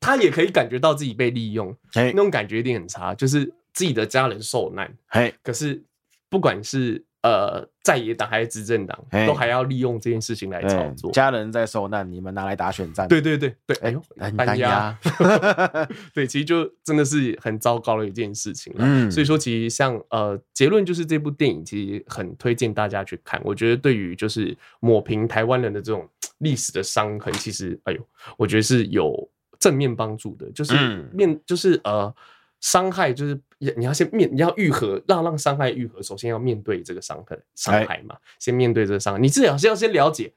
他也可以感覺到自己被利用，哎，那種感覺一定很差，就是自己的家人受難，哎，可是不管是。呃，在野黨還是執政黨，都還要利用這件事情來炒作 hey。家人在受難，你們拿來打選戰。對對對對，哎呦，來搬家。 對，其實就真的是很糟糕的一件事情了，嗯。所以說，其實像呃，結論就是這部電影其實很推薦大家去看。我覺得對於就是抹平台灣人的這種歷史的傷痕，其實哎呦，我覺得是有正面幫助的。就是面，嗯、就是呃，傷害就是。你你要先面，你要癒合，讓讓傷害癒合，首先要面對這個傷痕傷害嘛、欸，先面對這個傷害。你至少是要先了解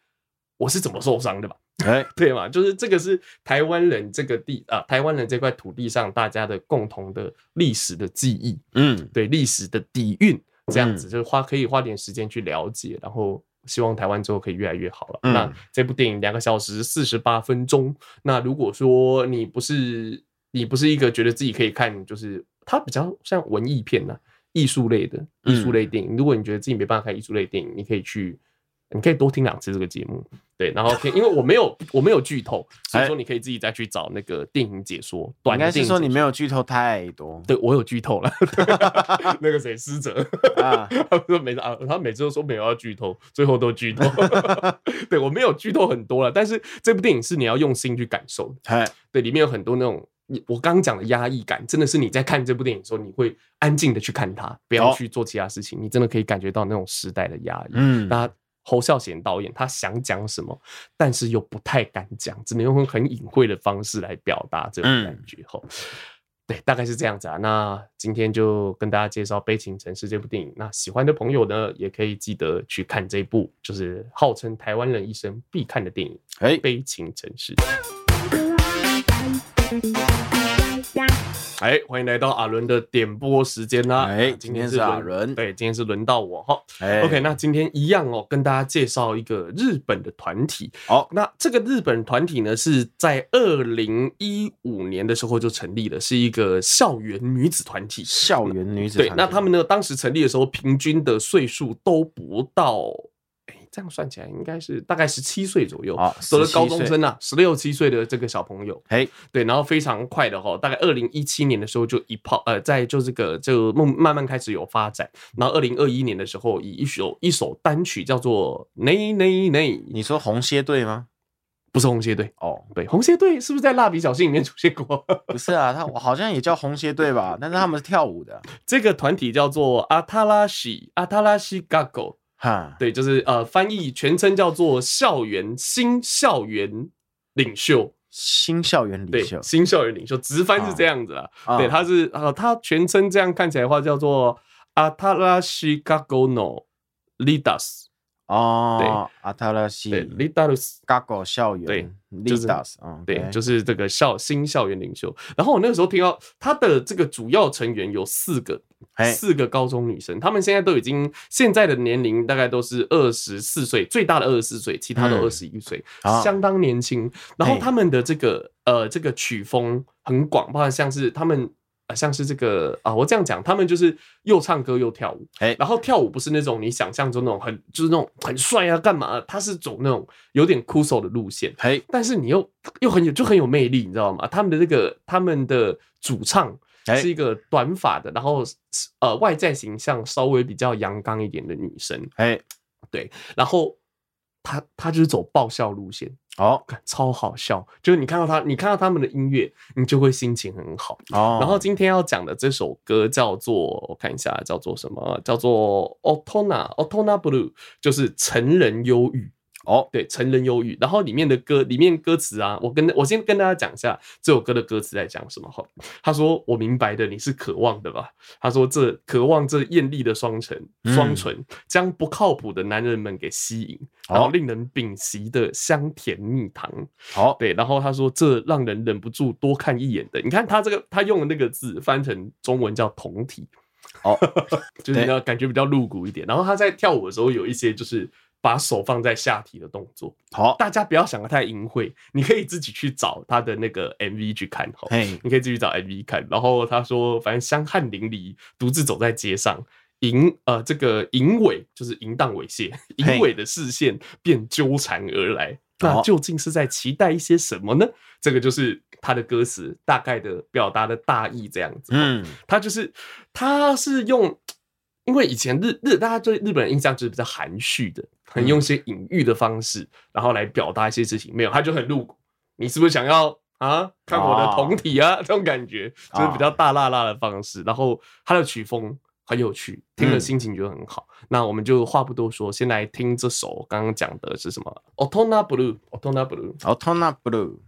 我是怎麼受傷的吧？哎、欸， 對嘛，就是這個是台灣人這個地啊，台灣人這塊土地上大家的共同的歷史的記憶，嗯，對歷史的底蘊，這樣子、嗯、就是花可以花點時間去了解，然後希望台灣之後可以越來越好了。嗯、那這部電影兩個小時四十八分鐘，那如果說你不是。你不是一個覺得自己可以看，就是它比較像文藝片吶，藝術類的藝術類電影。如果你覺得自己沒辦法看藝術類電影，你可以去，你可以多聽兩次這個節目。對，然後可以因為我沒有，我沒有劇透，所以說你可以自己再去找那個電影解說，短影解說英文、哎英文。應該是說你沒有劇透太多，英文英文英文英文對我有劇透了。那個誰，思哲啊， 說沒啊，他每次都說沒有要劇透，最後都劇透 英文英文英文。對我沒有劇透很多了，但是這部電影是你要用心去感受的，對，裡面有很多那種。我剛剛講的壓抑感，真的是你在看這部電影的時候，你會安靜的去看它，不要去做其他事情，哦、你真的可以感覺到那種時代的壓抑。嗯，那侯孝賢導演他想講什麼，但是又不太敢講，只能用很隱晦的方式來表達這種感覺。後、嗯，對，大概是這樣子啊。那今天就跟大家介紹《悲情城市》這部電影。那喜歡的朋友呢，也可以記得去看這部，就是號稱台灣人一生必看的電影。哎，《悲情城市》。哎，歡迎來到阿倫的點播時間啦！哎，今天是阿倫，對，今天是輪到我哈、欸。OK，那今天一樣哦、喔，跟大家介紹一個日本的團體。好，那這個日本團體呢，是在二零一五年的時候就成立了，是一個校園女子團體。校園女子團體、啊、對，那他們呢，當時成立的時候，平均的歲數都不到。這樣算起來應該是大概十七歲左右，都、哦、是高中生吶、啊，十六七歲的這個小朋友。哎，對，然後非常快的哈，大概二零一七年的時候就一炮，呃，在就這個就慢慢開始有發展。然後二零二一年的時候，以一首一首單曲叫做《奈奈奈》，你說紅蠍隊嗎？不是紅蠍隊哦，對，紅蠍隊是不是在《蠟筆小新》裡面出現過？ 不是啊，他我好像也叫紅蠍隊吧？ 但是他們是跳舞的，這個團體叫做阿塔拉西阿塔拉西嘎狗。Atarashi, Atarashi Huh. 對，就是呃，翻譯全稱叫做“校園新校園領袖”，新校園領袖，新校園領袖，領袖直翻是這樣子啦。Oh. Oh. 對，他是啊，他、呃、全稱這樣看起來的話叫做 “Atarashii Gakkou no Leaders”。哦、oh，對，阿特拉斯，對，麗達斯，加國校園，對，麗達斯，嗯，對，就是這個校新校園領袖。然後我那個時候聽到他的這個主要成員有四個，四個高中女生，她們現在都已經現在的年齡大概都是二十四歲，最大的二十四歲，其他的二十一歲、嗯，相當年輕、哦。然後他們的這個呃這個曲風很廣，包括像是他們。像是這個啊，我這樣講，他們就是又唱歌又跳舞，哎，然後跳舞不是那種你想象中那種很，就是那種很帥啊，幹嘛？他是走那種有點 kuso 的路線，但是你又又很有，就很有魅力，你知道嗎？他們的這個他們的主唱是一個短髮的，然後呃，外在形象稍微比較陽剛一點的女生，哎，對，然後。他他就是走爆笑路線哦，oh. 超好笑。就是你看到他，你看到他們的音樂，你就會心情很好哦。Oh. 然後今天要講的這首歌叫做，我看一下，叫做什麼？叫做 Otona、Otona Blue，就是成人憂鬱。哦、oh.，對，成人憂鬱，然後裡面的歌，裡面歌詞啊，我跟我先跟大家講一下這首歌的歌詞在講什麼。哈，他說我明白的，你是渴望的吧？他說這渴望這豔麗的雙、嗯、唇，雙唇將不靠譜的男人們給吸引，oh. 然後令人屏息的香甜蜜糖。好、oh.，對，然後他說這讓人忍不住多看一眼的。你看他這個，他用的那個字翻成中文叫同體，哦、oh. 就是你感覺比較露骨一點。然後他在跳舞的時候有一些就是。把手放在下體的動作，好，大家不要想的太淫穢，你可以自己去找他的那個 MV 去看，哈，你可以自己找 MV 看。然後他說，反正香汗淋漓，獨自走在街上，淫呃，這個淫猥就是淫蕩猥褻，淫猥的視線便糾纏而來。那究竟是在期待一些什麼呢？這個就是他的歌詞大概的表達的大意這樣子。嗯，他就是他是用，因為以前日日大家對日本人印象就是比較含蓄的，很用一些隱喻的方式，然後來表達一些事情，沒有，他就很露骨。你是不是想要啊，看我的胴體啊？啊這種感覺就是比較大辣辣的方式。然後他的曲風很有趣，聽了心情就很好、嗯。那我們就話不多說，先來聽這首剛剛講的是什麼？OTONABLUE，OTONABLUE，OTONABLUE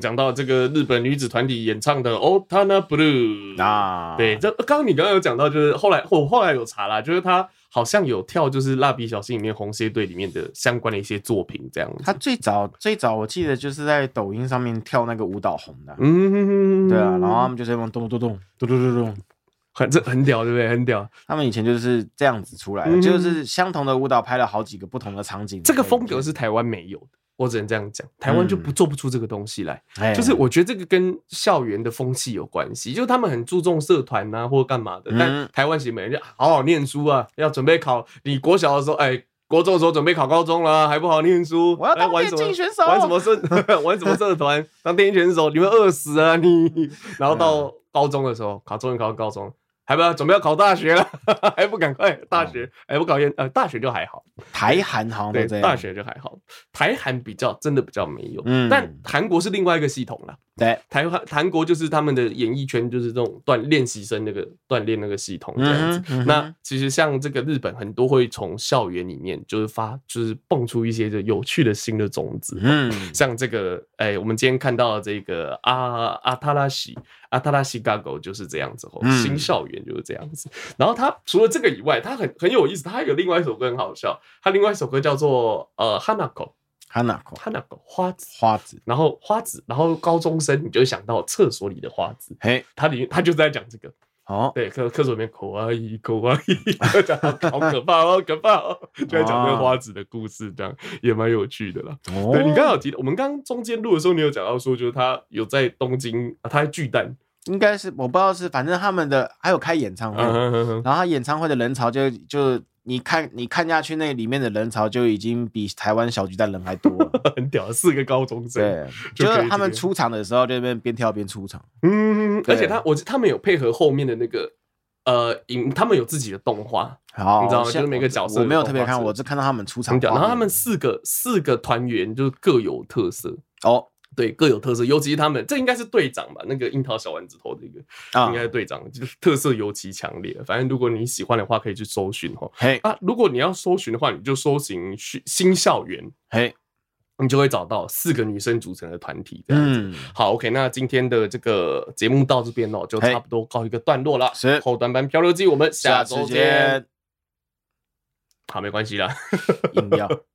講到這個日本女子團體演唱的《OTONABLUE》啊，對，這剛剛你剛剛有講到，就是後來我後來有查啦，就是她好像有跳，就是《蠟筆小新》裡面紅蠍隊裡面的相關的一些作品，這樣子。他最早最早我記得就是在抖音上面跳那個舞蹈紅的，嗯，哼哼。對啊，然後他們就在那咚咚咚咚咚咚很這很屌，對不對？很屌。他們以前就是這樣子出來的、嗯，就是相同的舞蹈拍了好幾個不同的場景，這個風格是台灣沒有的。我只能這樣講，台灣就不做不出這個東西來，嗯、就是我覺得這個跟校園的風氣有關係，哎，就是他們很注重社團吶，或幹嘛的。嗯、但台灣其實每人就好好念書啊，要準備考。你國小的時候，哎、欸，國中的時候準備考高中了，還不好念書，我要當電競選手、欸，玩，玩什麼社， 玩什麼社團， 當電競選手，你會餓死啊你！然後到高中的時候，嗯、考終於考高中。還不準備要考大學了，還不趕快大學還不、哦欸、考研？呃，大學就還好，台韓好像對大學就還好，台韓比較真的比較沒有，嗯、但韓國是另外一個系統了、啊。對，台灣、韓國就是他們的演藝圈，就是這種鍛練習生那個鍛鍊那個系統這樣子，嗯嗯。那其實像這個日本，很多會從校園裡面就是發，就是蹦出一些有趣的新的種子。嗯，像這個，哎，欸，我們今天看到的這個阿阿塔拉西阿塔拉西嘎狗就是這樣子，新校園就是這樣子，嗯。然後他除了這個以外，他很很有意思，他還有另外一首歌很好笑，他另外一首歌叫做呃漢納口。Hanako 他哪個？他哪個花子？花子，然後花子，然後高中生，你就想到廁所裡的花子。嘿，他裡面他就在講這個。哦，對，廁廁所裡面卡哇伊，卡哇伊，可 好可怕哦，可怕哦，哦就在講那個花子的故事，這樣也蠻有趣的啦。哦，對你剛好提到，我們剛剛中間錄的時候，你有講到說，就是他有在東京、啊，他在巨蛋，應該是我不知道是，反正他們的還有開演唱會，啊、呵呵然後他演唱會的人潮就就。你看，你看下去，那裡面的人潮就已經比台灣小巨蛋人還多了， 很屌。四個高中生，對，就是他們出場的時候就那邊邊跳邊出場。嗯，而且他，我得他們有配合後面的那個，呃，影，他們有自己的動畫，好，你知道嗎？就是每個角色，色，我沒有特別看，我只看到他們出場，然後他們四個四個團員就是各有特色哦。對，各有特色，尤其是他們，這應該是隊長吧？那個櫻桃小丸子頭的，這個，uh, 應該是隊長，就是特色尤其強烈。反正如果你喜歡的話，可以去搜尋齁。Hey. 啊，如果你要搜尋的話，你就搜尋《新校園》，嘿，你就會找到四個女生組成的團體這樣子。嗯，好，OK，那今天的這個節目到這邊哦，就差不多告一個段落了，hey.。後段班漂流記，我們下周見下。好，沒關係啦。飲料。